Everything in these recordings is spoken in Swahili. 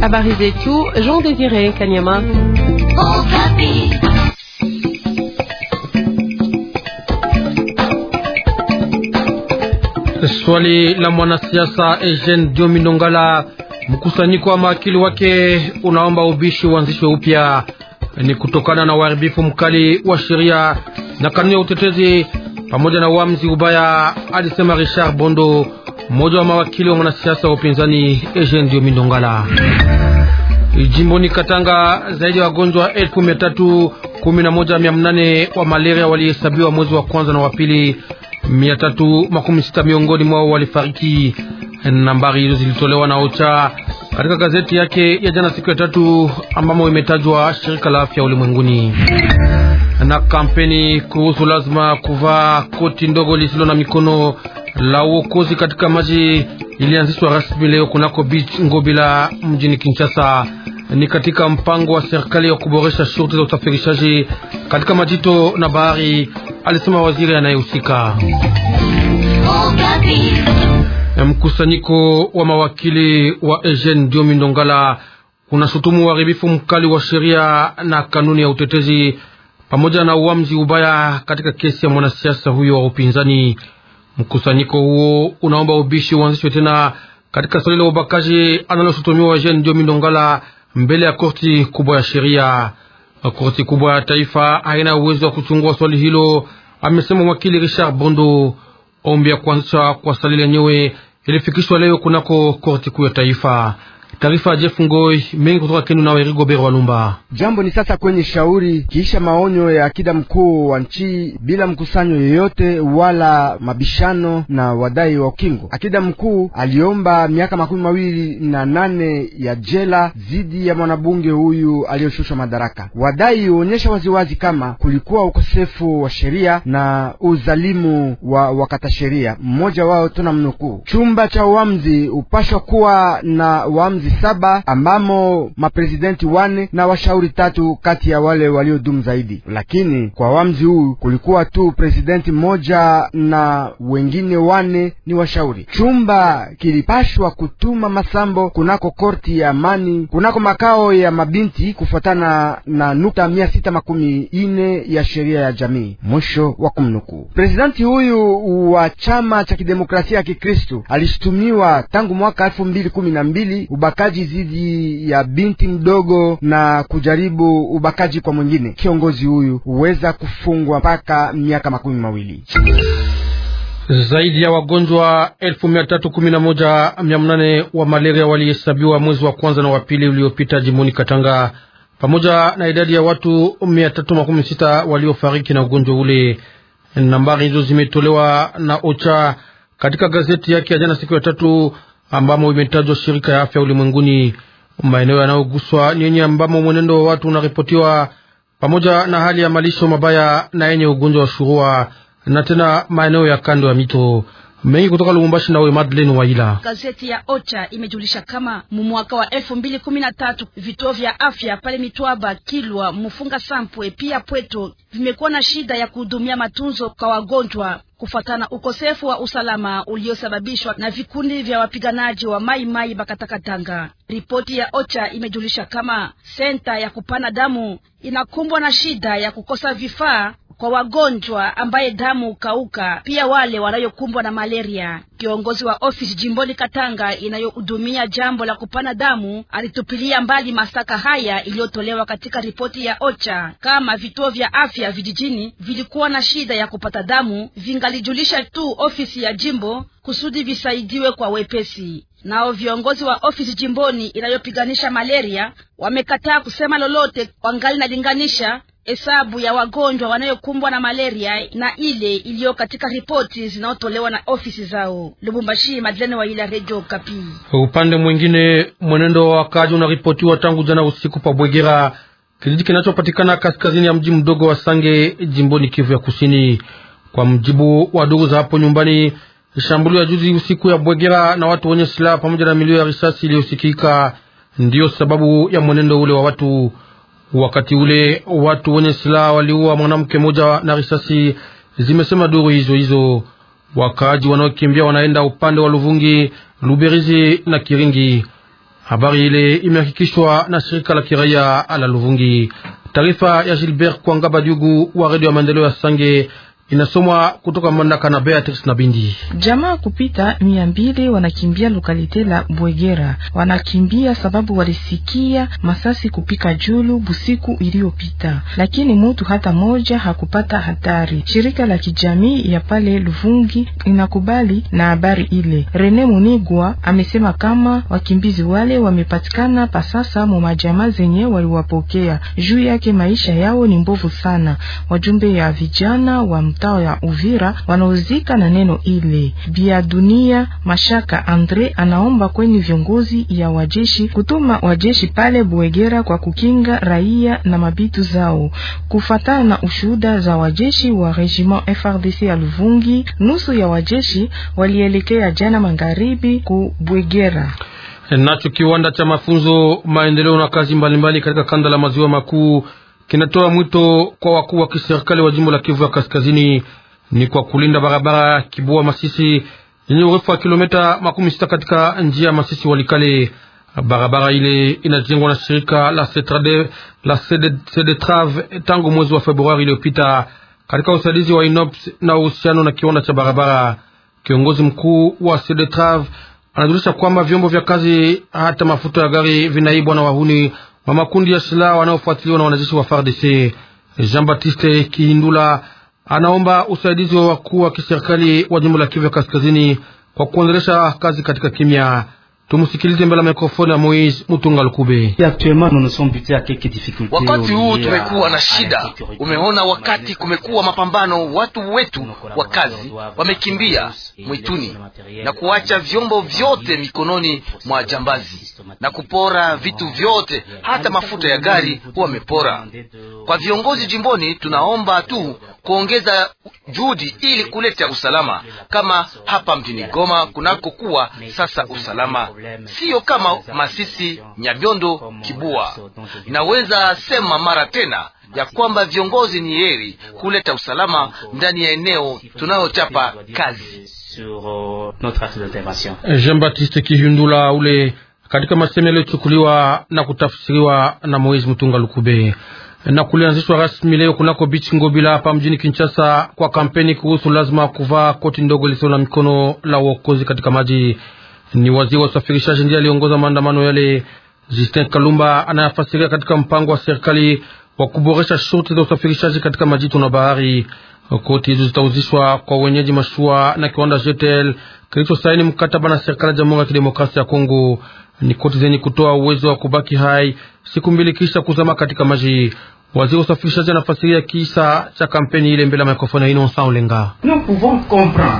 Habari zetu Jean Désiré Kanyama. Swali la mwanasiasa Eugene Diomi Nongala, mkusanyiko wa maakili wake unaomba ubishi uanzishwe upya, ni kutokana na uharibifu mkali wa sheria na kanuni ya utetezi pamoja na uamuzi ubaya, alisema Richard Bondo mmoja wa mawakili wa mwanasiasa wa upinzani Eugene Diomindo Ngala. Jimboni Katanga, zaidi ya wagonjwa elfu mia tatu kumi na moja mia nane wa malaria walihesabiwa mwezi wa kwanza na wa pili, mia tatu makumi sita miongoni mwao walifariki. Nambari hizo zilitolewa na OCHA katika gazeti yake ya jana siku ya tatu, ambamo imetajwa shirika la afya ulimwenguni. Na kampeni kuhusu lazima kuvaa koti ndogo lisilo na mikono la uokozi katika maji ilianzishwa rasmi leo kunako beach Ngobila mjini Kinshasa. Ni katika mpango wa serikali ya kuboresha shughuli za usafirishaji katika majito na bahari, alisema waziri anayehusika. Mkusanyiko wa mawakili wa Eugene Diomi Ndongala unashutumu uharibifu mkali wa sheria na kanuni ya utetezi pamoja na uamuzi ubaya katika kesi ya mwanasiasa huyo wa upinzani. Mkusanyiko huo unaomba ubishi uanzishwe tena katika swali la ubakaji analoshutumiwa Jean Diomi Ndongala mbele ya korti kubwa ya sheria. Korti kubwa ya taifa haina uwezo wa kuchungua swali hilo, amesema wakili Richard Bondo. Ombi ya kuanzishwa kwa swali lenyewe ilifikishwa leo kunako korti kuu ya taifa. Taarifa ya Jeff Ngoi mengi kutoka Kenu na Werigo Bero Lumba. Jambo ni sasa kwenye shauri kisha maonyo ya akida mkuu wa nchi bila mkusanyo yoyote wala mabishano na wadai wa ukingo. Akida mkuu aliomba miaka makumi mawili na nane ya jela dhidi ya mwanabunge huyu aliyoshushwa madaraka. Wadai huonyesha waziwazi kama kulikuwa ukosefu wa sheria na uzalimu wa wakata sheria. Mmoja wao tuna mnukuu, chumba cha uamzi upashwa kuwa na uamzi miezi saba ambamo maprezidenti wane na washauri tatu kati ya wale waliodumu zaidi. Lakini kwa wamzi huu kulikuwa tu prezidenti mmoja na wengine wane ni washauri. Chumba kilipashwa kutuma masambo kunako korti ya amani kunako makao ya mabinti kufuatana na nukta mia sita makumi ine ya sheria ya jamii. Mwisho wa kumnukuu. Prezidenti huyu wa chama cha kidemokrasia ya Kikristu alishtumiwa tangu mwaka elfu mbili kumi na mbili ubakaji dhidi ya binti mdogo na kujaribu ubakaji kwa mwingine. Kiongozi huyu huweza kufungwa mpaka miaka makumi mawili. Zaidi ya wagonjwa elfu mia tatu kumi na moja mia nane wa malaria walihesabiwa mwezi wa kwanza na wa pili uliopita jimboni Katanga, pamoja na idadi ya watu mia tatu makumi sita waliofariki na ugonjwa ule. Nambari hizo zimetolewa na OCHA katika gazeti yake ya jana siku ya tatu ambamo imetajwa shirika ya afya ulimwenguni. Maeneo yanayoguswa ni yenye ambamo mwenendo wa watu unaripotiwa pamoja na hali ya malisho mabaya na yenye ugonjwa wa shurua na tena maeneo ya kando ya mito. Mengi kutoka Lubumbashi nawe Madeleine Waila. Gazeti ya Ocha imejulisha kama mumwaka wa elfu mbili kumi na tatu vituo vya afya pale Mitwaba, Kilwa, Mufunga, Sampwe pia Pweto vimekuwa na shida ya kuhudumia matunzo kwa wagonjwa kufuatana ukosefu wa usalama uliosababishwa na vikundi vya wapiganaji wa Mai Mai Bakatakatanga. Ripoti ya Ocha imejulisha kama senta ya kupana damu inakumbwa na shida ya kukosa vifaa kwa wagonjwa ambaye damu ukauka, pia wale wanayokumbwa na malaria. Kiongozi wa ofisi jimboni Katanga inayohudumia jambo la kupana damu alitupilia mbali mashtaka haya iliyotolewa katika ripoti ya OCHA kama vituo vya afya vijijini vilikuwa na shida ya kupata damu, vingalijulisha tu ofisi ya jimbo kusudi visaidiwe kwa wepesi. Nao viongozi wa ofisi jimboni inayopiganisha malaria wamekataa kusema lolote, wangali nalinganisha Hesabu ya wagonjwa wanayokumbwa na malaria na ile iliyo katika ripoti zinazotolewa na ofisi zao. Lubumbashi, Madlene Waila, Radio Kapi. Upande mwingine, mwenendo wa wakaji unaripotiwa tangu jana usiku pa Bwegera, kijiji kinachopatikana kaskazini ya mji mdogo wa Sange, jimboni Kivu ya Kusini. Kwa mjibu wa ndugu za hapo nyumbani, shambulio ya juzi usiku ya Bwegera na watu wenye silaha pamoja na milio ya risasi iliyosikika ndiyo sababu ya mwenendo ule wa watu Wakati ule watu wenye silaha waliua mwanamke mmoja na risasi, zimesema duru hizo hizo. Wakaaji wanaokimbia wanaenda upande wa Luvungi, Luberizi na Kiringi. Habari ile imehakikishwa na shirika la kiraia la Luvungi. Taarifa ya Gilbert Kwanga Jugu wa redio ya maendeleo ya Sange. Inasomwa kutoka mamlaka na Beatrice na Bindi. Jamaa kupita mia mbili wanakimbia lokalite la Bwegera, wanakimbia sababu walisikia masasi kupika julu busiku iliyopita, lakini mutu hata moja hakupata hatari. Shirika la kijamii ya pale Luvungi inakubali na habari ile. Rene Munigwa amesema kama wakimbizi wale wamepatikana pasasa mu majamaa zenye waliwapokea. Juu yake maisha yao ni mbovu sana. Wajumbe ya vijana wa mtao ya Uvira wanaozika na neno ile. Bia dunia Mashaka Andre anaomba kwenye viongozi ya wajeshi kutuma wajeshi pale Buegera kwa kukinga raia na mabitu zao. Kufatana na ushuhuda za wajeshi wa regiment FRDC ya Luvungi, nusu ya wajeshi walielekea jana magharibi ku Buegera nacho kiwanda cha mafunzo maendeleo na kazi mbalimbali katika kanda la maziwa makuu kinatoa mwito kwa wakuu wa kiserikali wa jimbo la Kivu ya Kaskazini ni kwa kulinda barabara Kibua Masisi yenye urefu wa kilomita makumi sita katika njia Masisi Walikale. Barabara ile inajengwa na shirika la Cetrade la Cedetrave tangu mwezi wa Februari iliyopita katika usaidizi wa INOPS na uhusiano na kiwanda cha barabara. Kiongozi mkuu wa Cedetrave anajulisha kwamba vyombo vya kazi hata mafuta ya gari vinaibwa na wahuni wa makundi ya silaha wanaofuatiliwa na wanajeshi wa FARDC. Jean Baptiste Kihindula anaomba usaidizi wa wakuu wa kiserikali wa jimbo la Kivu Kaskazini kwa kuendelesha kazi katika kimya. Tumusikilize mbele ya mikrofoni ya Moise Mutunga Lukube. Wakati huu tumekuwa na shida, umeona, wakati kumekuwa mapambano, watu wetu wa kazi wamekimbia mwituni na kuacha vyombo vyote mikononi mwa jambazi na kupora vitu vyote, hata mafuta ya gari wamepora. Kwa viongozi jimboni, tunaomba tu kuongeza juhudi ili kuleta usalama kama hapa mjini Goma kunakokuwa sasa usalama, siyo kama Masisi, Nyabiondo, Kibua. Naweza sema mara tena ya kwamba viongozi ni heri kuleta usalama ndani ya eneo tunayochapa kazi. Jean Baptiste Kihundula ule katika maseme yaliyochukuliwa na kutafsiriwa na Moise Mtunga Lukube na kulianzishwa rasmi leo kunako bichi Ngobila hapa mjini Kinshasa kwa kampeni kuhusu lazima kuvaa koti ndogo lisilo na mikono la uokozi katika maji. Ni waziri wa usafirishaji ndiye aliongoza maandamano yale. Justin Kalumba anayafasiria katika mpango wa serikali wa kuboresha shurti za usafirishaji katika majitu na bahari. Koti hizo zitauzishwa kwa wenyeji mashua na kiwanda Jetel kilichosaini mkataba na serikali ya Jamhuri ya Kidemokrasia ya Kongo. Ni koti zenye kutoa uwezo wa kubaki hai siku mbili kisha kuzama katika maji. Waziri usafirishaji anafasiria kisa cha kampeni ile mbele ya mikrofoni Innocent Olenga.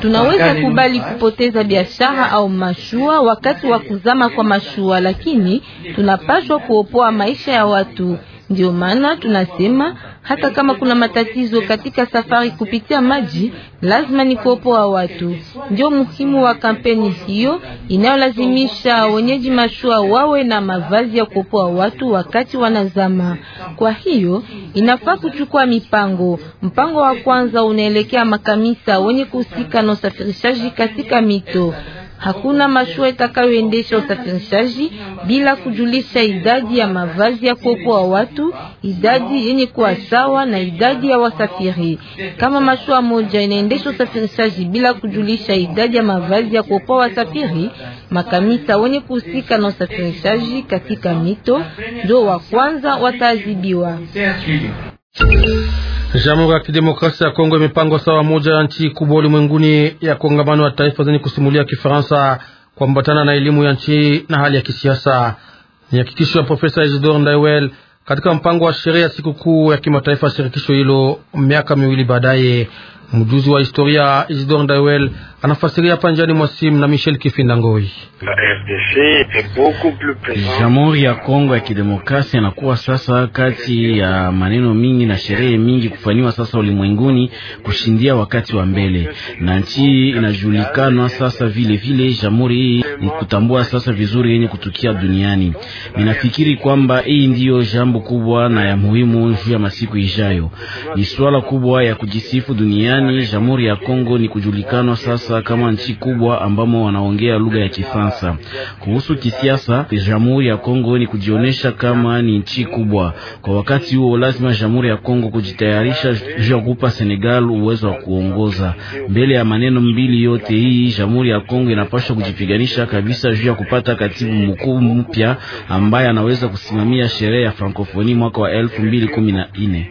Tunaweza kubali kupoteza biashara au mashua wakati wa kuzama kwa mashua, lakini tunapaswa kuopoa maisha ya watu. Ndio maana tunasema hata kama kuna matatizo katika safari kupitia maji, lazima ni kuopoa watu. Ndio muhimu wa kampeni hiyo inayolazimisha wenyeji mashua wawe na mavazi ya kuopoa watu wakati wanazama. Kwa hiyo inafaa kuchukua mipango. Mpango wa kwanza unaelekea makamisa wenye kuhusika na usafirishaji katika mito Hakuna mashua itakayoendesha usafirishaji bila kujulisha idadi ya mavazi ya kuokoa watu, idadi yenye kuwa sawa na idadi ya wasafiri. Kama mashua moja inaendesha usafirishaji bila kujulisha idadi ya mavazi ya kuokoa wasafiri, makamisa wenye kuhusika na usafirishaji katika mito ndio wa kwanza wataadhibiwa. Jamhuri ya Kidemokrasia ya Kongo imepangwa sawa moja ya nchi kubwa ulimwenguni ya kongamano ya taifa zenye kusimulia Kifaransa kuambatana na elimu ya nchi na hali ya kisiasa. Ni hakikisho ya Profesa Isidore Ndaiwel katika mpango wa sheria ya sikukuu ya kimataifa ya shirikisho hilo miaka miwili baadaye. Mjuzi wa historia Isidore Ndaiwel anafasiria hapa njiani mwa simu na Michel Kifinda Jamhuri ya Kongo ya Kidemokrasia inakuwa sasa kati ya maneno mingi na sherehe mingi kufanywa sasa ulimwenguni kushindia wakati wa mbele, na nchi inajulikana sasa vile vile. Jamhuri hii ni kutambua sasa vizuri yenye kutukia duniani. Ninafikiri kwamba hii ndiyo jambo kubwa na ya muhimu juu ya masiku ijayo. Ni swala kubwa ya kujisifu duniani. Jamhuri ya Kongo ni kujulikana sasa Ufaransa kama nchi kubwa ambamo wanaongea lugha ya Kifaransa. Kuhusu kisiasa, Jamhuri ya Kongo ni kujionyesha kama ni nchi kubwa. Kwa wakati huo, lazima Jamhuri ya Kongo kujitayarisha juu ya kupa Senegal uwezo wa kuongoza. Mbele ya maneno mbili yote hii, Jamhuri ya Kongo inapaswa kujipiganisha kabisa juu ya kupata katibu mkuu mpya ambaye anaweza kusimamia sherehe ya Frankofoni mwaka wa elfu mbili kumi na nne.